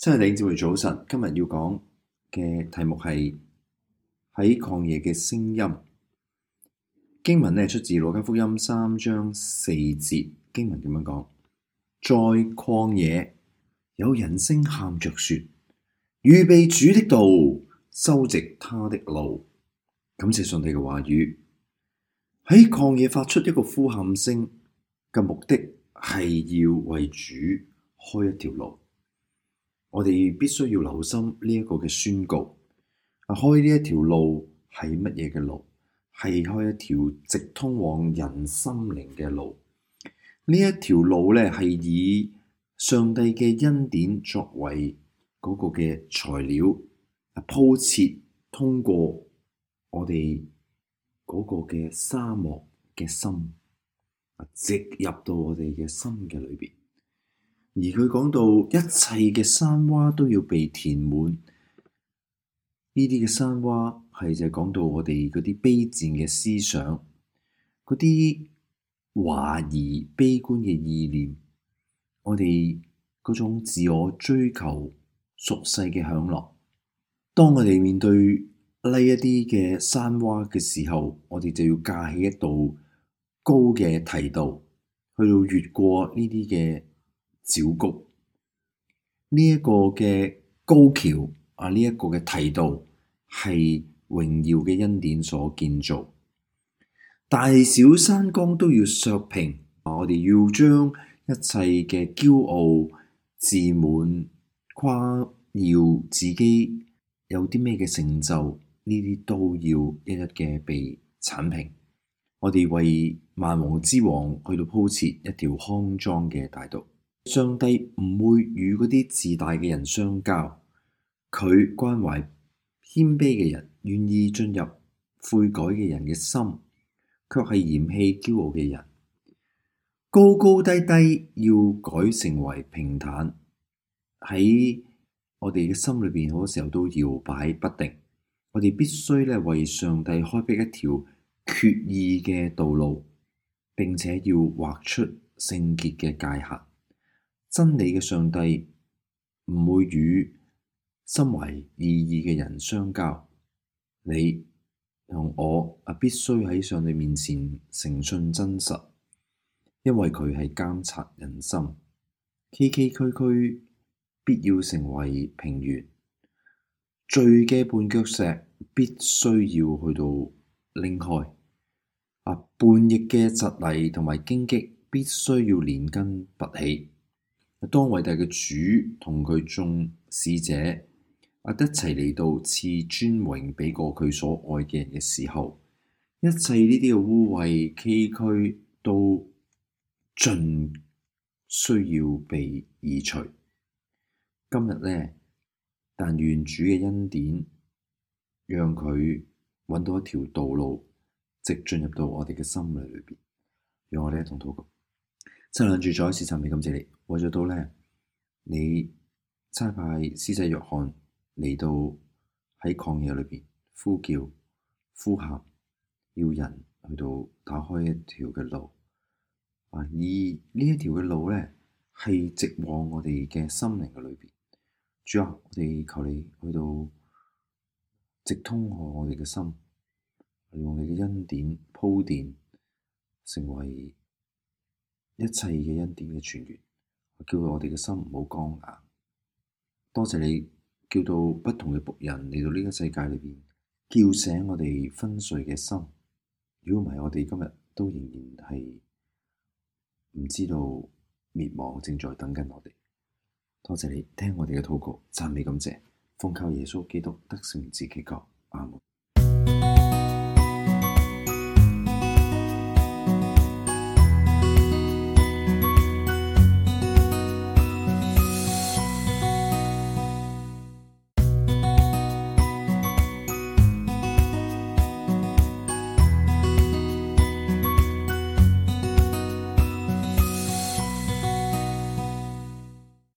真係，弟兄姊妹早晨。今日要講嘅題目係喺曠野嘅聲音。經文呢，出自《路加福音》三章四節。經文點樣講？在曠野有人聲喊着說：預備主的道，修直他的路。感謝上帝嘅話語，喺曠野發出一個呼喊聲嘅目的係要為主開一條路。我哋必須要留心呢一個嘅宣告，開呢一條路係乜嘢嘅路？係開一條直通往人心靈嘅路。呢一條路咧係以上帝嘅恩典作為嗰個嘅材料，啊鋪設通過我哋嗰個嘅沙漠嘅心，啊直入到我哋嘅心嘅裏邊。而佢講到一切嘅山窪都要被填滿，呢啲嘅山窪係就講到我哋嗰啲卑賤嘅思想，嗰啲懷疑、悲觀嘅意念，我哋嗰種自我追求俗世嘅享樂。當我哋面對呢一啲嘅山窪嘅時候，我哋就要架起一道高嘅堤道，去到越過呢啲嘅。沼谷呢一個嘅高橋啊，呢、這、一個嘅堤道係榮耀嘅恩典所建造。大小山岡都要削平，啊、我哋要將一切嘅驕傲、自滿、誇耀自己有啲咩嘅成就呢啲都要一一嘅被鏟平。我哋為萬王之王去到鋪設一條康莊嘅大道。上帝唔會與嗰啲自大嘅人相交，佢關懷謙卑嘅人，願意進入悔改嘅人嘅心，卻係嫌棄驕傲嘅人。高高低低要改成為平坦，喺我哋嘅心裏邊好多時候都搖擺不定，我哋必須咧為上帝開闢一條決意嘅道路，並且要畫出聖潔嘅界限。真理嘅上帝唔會與心懷二意嘅人相交。你同我啊，必須喺上帝面前誠信真實，因為佢係監察人心。崎崎嶇嶇，必要成為平原。罪嘅絆腳石，必須要去到拎開。啊，叛逆嘅蒺藜同埋荊棘，必須要連根拔起。當偉大嘅主同佢眾使者啊一齊嚟到賜尊榮俾過佢所愛嘅人嘅時候，一切呢啲嘅污穢崎嶇都盡需要被移除。今日咧，但願主嘅恩典讓佢揾到一條道路，直進入到我哋嘅心裏裏邊，讓我哋同禱告真係諗住再一次讚美感謝你，為咗到呢，你差派施洗約翰嚟到喺曠野裏邊呼叫呼喊，要人去到打開一條嘅路。而呢一條嘅路呢，係直往我哋嘅心靈嘅裏邊。主啊，我哋求你去到直通向我哋嘅心，用你嘅恩典鋪墊，成為。一切嘅恩典嘅傳員，叫我哋嘅心唔好剛硬。多謝你叫到不同嘅僕人嚟到呢個世界裏邊，叫醒我哋昏睡嘅心。如果唔係，我哋今日都仍然係唔知道滅亡正在等緊我哋。多謝你聽我哋嘅禱告，讚美感謝，奉靠耶穌基督得勝自己個阿門。